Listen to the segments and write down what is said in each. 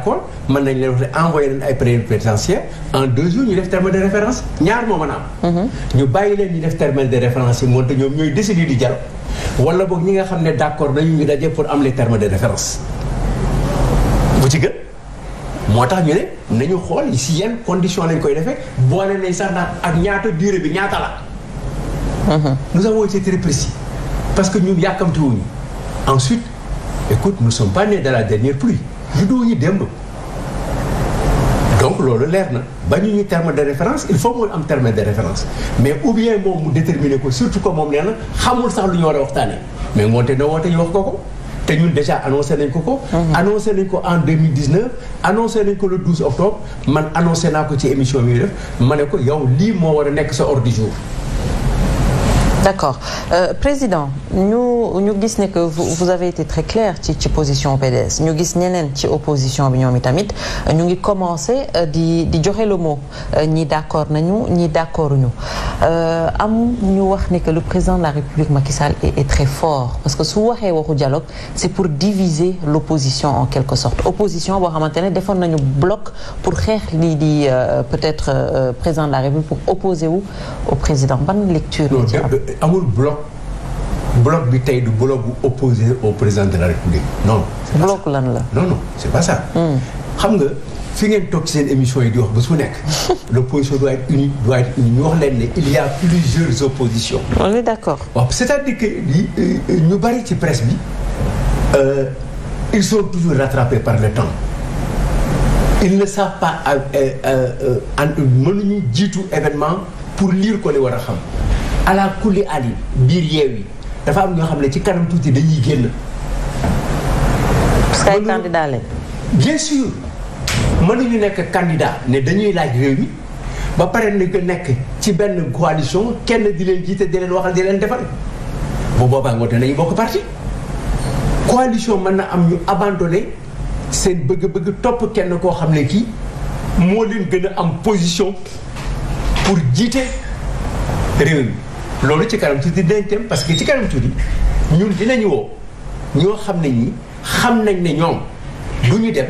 accord mën nañ leen wax ne envoyé leen ay ñu def terme de référence ñaar moo mën a am mhm. ñu bàyyi leen ñu def terme de référence yi moonte ñoom ñooy décider di dialogue wala boog ñi nga xam ne d' accord nañu ñu daje pour am les termes de référence bu ci gën moo tax ñu ne nañu xool si yenn condition lañ koy defee boole nañ sax naan ak ñaata durée bi ñaata la mhm. nous avons été très précis parce que ñu yàkkamti wuñu ensuite écoute nous sommes pas nés de la dernière pluie juddoo yi démb donc loolu leer na bañu ñu terme de référence il faut mu am terme de référence mais ou bien moom mu déterminer ko surtout que moom nee na xamul sax lu ñu war a waxtaanee mais moonte na woote ñu wax ko ko te ñun déjà annoncé nañ ko ko. Mhm. annoncé nañ ko en 2019 annoncé nañ ko le 12 octobre man annoncé naa ko ci émission bi def ma ne ko yow lii moo war a nekk sa ordre du jour. d'accord euh, président ñu ñu gis ne que vous, vous avez été très clair ci ci position PDS ñu gis ñeneen ci opposition bi ñoom itamit euh, ñu ngi commencé euh, di di joxe le mot euh, ñi d'accord nañu ñi d'accord ñu am ñu wax ne que le président de la République Macky Sall est, est très fort parce que su waxee waxu dialogue c'est pour diviser l'opposition en quelque sorte opposition boo xamante ne defoon nañu bloc pour xeex lii di peut-être euh, président de la République pour opposer wu au président ban lecture amul bloc bloc bi tey du bloc bu opposé au président de la république non. bloc lan la non non c' est pas ça. Hmm. xam nga fi ngeen toog seen émission yi di wax ba su nekk. l' opposition doit être unie doit être unie ñu wax leen ne il y a plusieurs oppositions. on est d' accord. waaw c' est à dire que euh, ñu bari ci presse bi euh, ils sont toujours rattrapés par le temps. ils ne savent pas euh, mënuñu jiitu événement pour lire ko li war a xam. ala kulli ali biir yeew yi dafa am ñoo xam ne ci kanam tuuti dañuy génn. parce que ay candidat lañ. bien sûr mënuñu nekk candidat ne dañuy laaj réew mi ba pare na ko nekk ci benn coalition kenn di leen jiite di leen waxal di leen defal bu boobaa ngoo danañu bokk parti coalition mën na am ñu abandonné seen bëgg-bëgg topp kenn koo xam ne kii moo leen gën a am position pour jiite réew mi loolu ci kanam tuuti dinañ dem parce que ci kanam tuuti ñun dinañu woo ñoo xam ne ñi xam nañ ni ñoom du ñu dem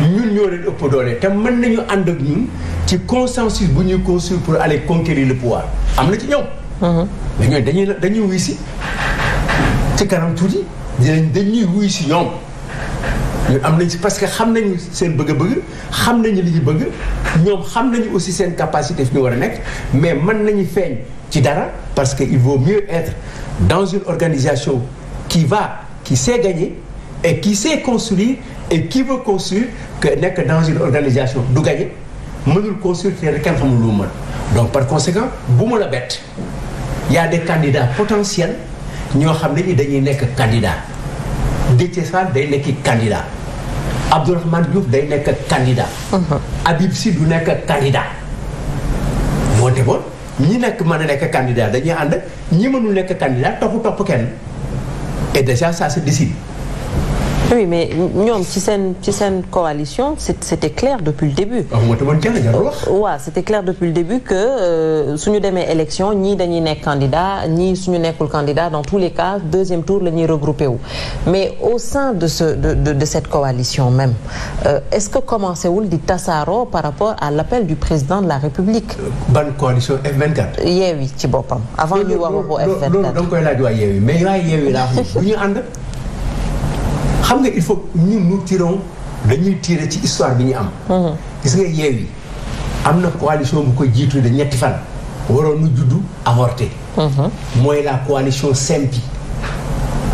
ñun ñoo leen ëpp doole te mën nañu ànd ak ñun ci consensus bu ñuy construire pour ale conquérir le pouvoir am na ci ñoom. Mhm. mais ñooñu dañuy dañuy wuy si ci kanam tuuti dinañ dañuy wuy si ñoom. ñun am nañ si parce que xam nañu seen bëgg-bëgg xam nañu li ñu bëgg ñoom xam nañu aussi seen capacité fi ñu war a nekk mais mën nañu feeñ ci dara. Parce qu'il vaut mieux être dans une organisation qui va, qui sait gagner et qui sait construire et qui veut construire que nekk dans une organisation du gagner mënul construire te kenn xamul lu mën donc par conséquent bu ma la bett y de des candidats potentiels ñoo xam ne ñi dañuy nekk candidat Déthié Fall day nekk candidat Abdourahmane Diouf day nekk candidat uh-huh. Habib Sy du nekk candidat moo demoon ñi nekk mën a nekk candidat dañuy ànd ñi mënul nekk candidat topp topp kenn et déjà ça se décide oui mais ñoom si seen ci seen coalition c'était clair depuis le début. Ah, waaw c'était clair depuis le début que euh, suñu demee élection ñii dañuy nekk candidat ñii suñu nekkul candidat dans tous les cas deuxième tour la ñuy regroupé wu. mais au sein de ce de de, de cette coalition même euh, est-ce que commencé wul di tasaaroo par rapport à l'appel du président de la République. Euh, ban coalition F24. Yewwi ci boppam avant ñu F24. xam nga il faut ñun nous tirons dañuy tirer ci histoire bi ñu am. Mhm. gis nga yi am na coalition bu ko jiitu de ñetti fan. waroon nu juddu avorté. Mhm. mooy la coalition Sempi.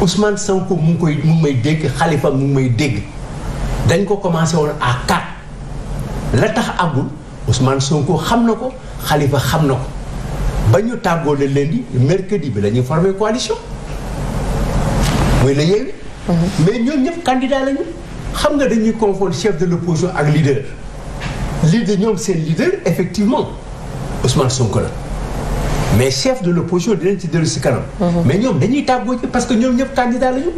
Ousmane Sonko mu koy mu may dégg xalifa mu may dégg dañ ko commencé woon à quatre la tax àggul Ousmane Sonko xam na ko xalifa xam na ko ba ñu tàggoo le lundi mercredi bi lañuy ñuy formé coalition mooy la Yewwi. Mm-hmm. mais ñoom ñëpp candidat lañu xam nga dañuy confondre chef de l'opposition ak leader leader ñoom seen leader effectivement Ousmane Sonko la mais chef de l'opposition dinañ ci dellu si kanam mm-hmm. mais ñoom dañuy tàggoo ci parce que ñoom ñëpp candidat lañu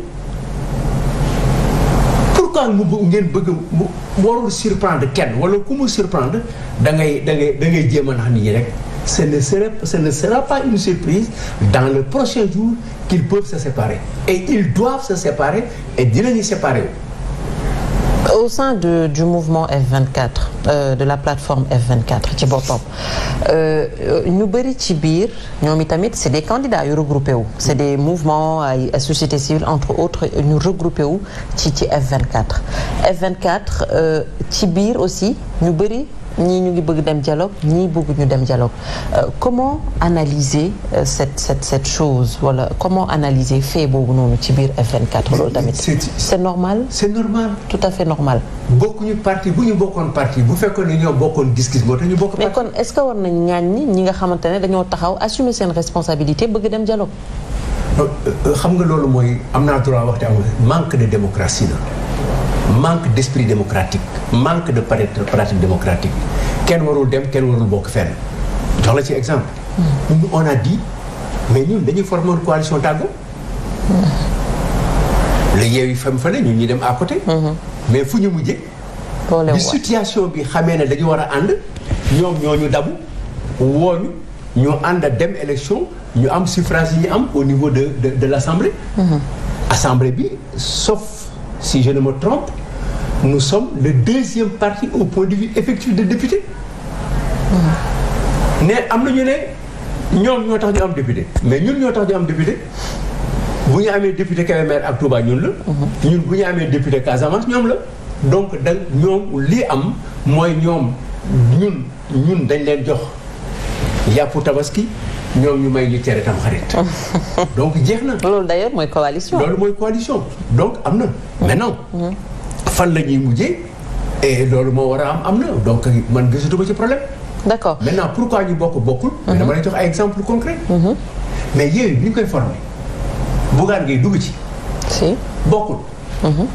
pourquoi mu ngeen bëgg mu warul surprendre kenn wala ku mu surprendre da ngay da ngay da ngay jéem a nax nit ñi rek ce ne, sera, ce ne sera pas une surprise dans le prochain jour qu'ils peuvent se séparer. Et ils doivent se séparer et dinañu au sein de du mouvement F24 euh, de la plateforme F24 ci boppam euh, ñu bëri ci biir ñoom itamit c'est des candidats yu regroupé wu. c'est des mouvements ay société civile entre autres ñu regroupé wu ci ci F24 F24 euh, ci biir aussi ñu bëri. ñii ñu ngi bëgg dem dialogue ñii bëgg ñu dem dialogue euh, comment analyser euh, cette cette cette chose wala comment analyser fait boobu noonu ci biir F24 loolu tamit. c'est normal c'est normal. tout à fait normal. bokkuñu parti bu ñu bokkoon parti bu fekkoon ni ñoo bokkoon gis-gis moo tax ñu bokk. mais kon est-ce que war nañ ñaañ ñi nga xamante ne dañoo taxaw assumer seen responsabilité bëgg dem dialogue. Euh, xam nga loolu mooy am naa droit wax te manque de démocratie la. manque d'esprit démocratique manque de pratique démocratique kenn warul dem kenn warul bokk fenn jox la ci exemple ñun on a dit mais ñun dañuy former une coalition tàggoo la yeew yi fam fale ñun ñu dem à côté mhm. mais fu ñu mujjee bi situation bi xamee ne dañu war a ànd ñoom ñoo ñu dabu wooñu ñu ànd a dem élection ñu am suffrage yi ñu am au niveau de de de l'assemblée mhm. assemblée bi sauf si je ma trop trompe, nous sommes le deuxième parti au point de vue effectif de député. ne am na ñu ne ñoom ñoo tax ñu am député. mais ñun ñoo tax ñu am député bu ñu amee député Kébémer ak Touba ñun la. ñun bu ñu amee député Casamance ñoom la. donc da ñoom lii am mooy ñoom ñun ñun dañ leen jox yàppu tabaski. ñoom ñu may ñu tere tam xarit donc jeex na. loolu d'ailleurs mooy coalition. loolu mooy coalition donc am na. maintenant mhm. fan la ñuy mujjee et loolu moo war a am am na donc man ba ci problème. d'accord pour pourquoi ñu bokk bokkul. mais man a jox ay exemple concret. Mhm. mais yooyu bi ñu koy formé Bougane ngay dugg ci. si bokkul. Mhm.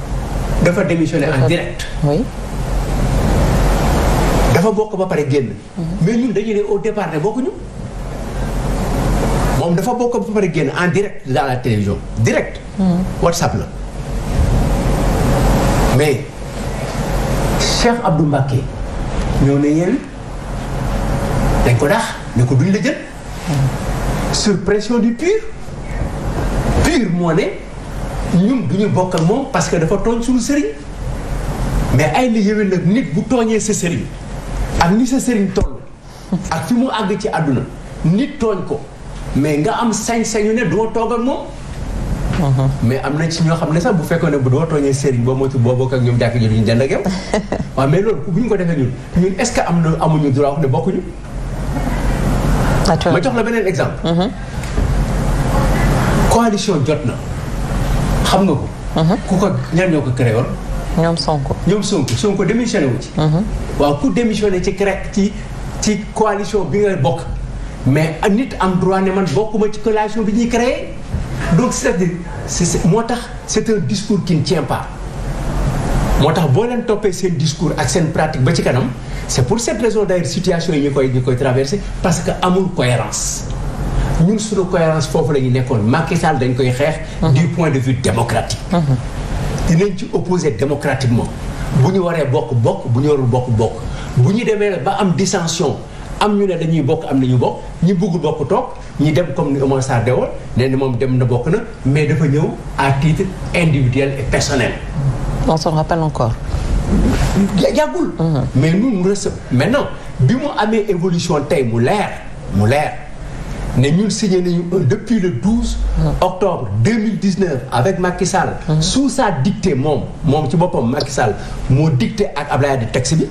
dafa démissionné en direct. oui. dafa bokk ba pare génn. mais ñun dañu ne au départ ne bokkuñu. moom dafa bokk ba pare génn en direct dans la télévision direct. Hmm. whatsapp la mais Cheikh Abdou Mbacké ñoo ne yéen dañ ko daax ne ko duñ la jël. Hmm. sur du pur pur moo ne ñun duñu ñu bokk moom parce que dafa tooñ suñu sëriñ mais ay la yëwén nag nit bu tooñee sa sëriñ ak ni sa sëriñ toll ak fi mu àgg ci àdduna nit tooñ ko mais nga am sañ-sañu ne doo toog ak moom. Uh-huh. mais am na ci ñoo xam ne sax bu fekkoon ne bu doo tooñee sëriñ boo moytu boo bokk ak ñoom jàkk ji loolu bu ko defee ñun ñun est-ce que am na amuñu droit wax ne bokkuñu. ma la beneen exemple. Uh-huh. coalition jot na xam nga ko. Uh-huh. ku ko ñan ñoo ko créé woon. ñoom Sonko. ñoom Sonko Sonko wu ci. waaw ku démissionné ci CREC ci ci coalition bi nga bokk. mais nit am droit ne man bokkuma ci collation bi ñuy créé donc c'est-à-dire moo tax c'est un discours qui ne tient pas moo tax boo leen toppee seen discours ak seen pratique ba ci kanam c'est pour cette raison d'ailleurs situation yi ñu koy ñu koy traversé parce que amul cohérence ñun suñu cohérence foofu la ñu nekkoon Macky Sall dañ koy xeex du point de vue démocratique dinañ ci opposé démocratiquement bu ñu waree bokk bokk bu ñu warul bokk bokk bu ñu demee ba am dissension am ñu ne dañuy bokk am nañu bokk ñi bëgg bokk toog ñi dem comme ni Oumar Sarr dewoon nee moom dem na bokk na mais dafa ñëw à titre individuel et personnel. on s'en rappelle encore. yàggul. Mhm. mais ñun bi mu amee évolution tey mu leer mu leer ne ñun signé nañu euh, depuis le 12 mhm. octobre 2019 avec Macky Sall. Mhm. sous sa dictée moom moom ci boppam Macky moo dicté ak Ablaye di texte bi.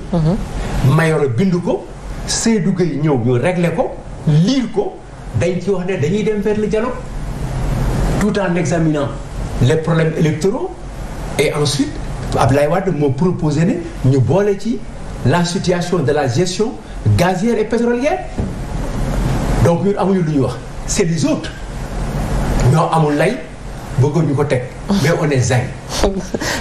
Mayoro bind ko. Seydou Gueye ñëw ñu régler ko liir ko dañ ci wax ne dañuy dem vers le dialogue tout en examinant le problèmes électoraux et ensuite Abdoulaye Wade moo proposé ne ñu boole ci la situation de la gestion gazière et pétrolière donc ñun amuñu lu ñuy wax c'est les autres ñoo amul lay bëggoon ñu ko teg mais on est zen.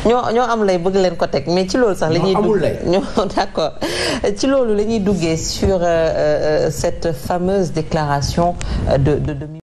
ñoo ñoo am lay bëgg leen ko teg mais ci loolu sax. la ñuy amul lay ñoo d' accord ci loolu la ñuy duggee sur euh, euh, cette fameuse déclaration euh, de de.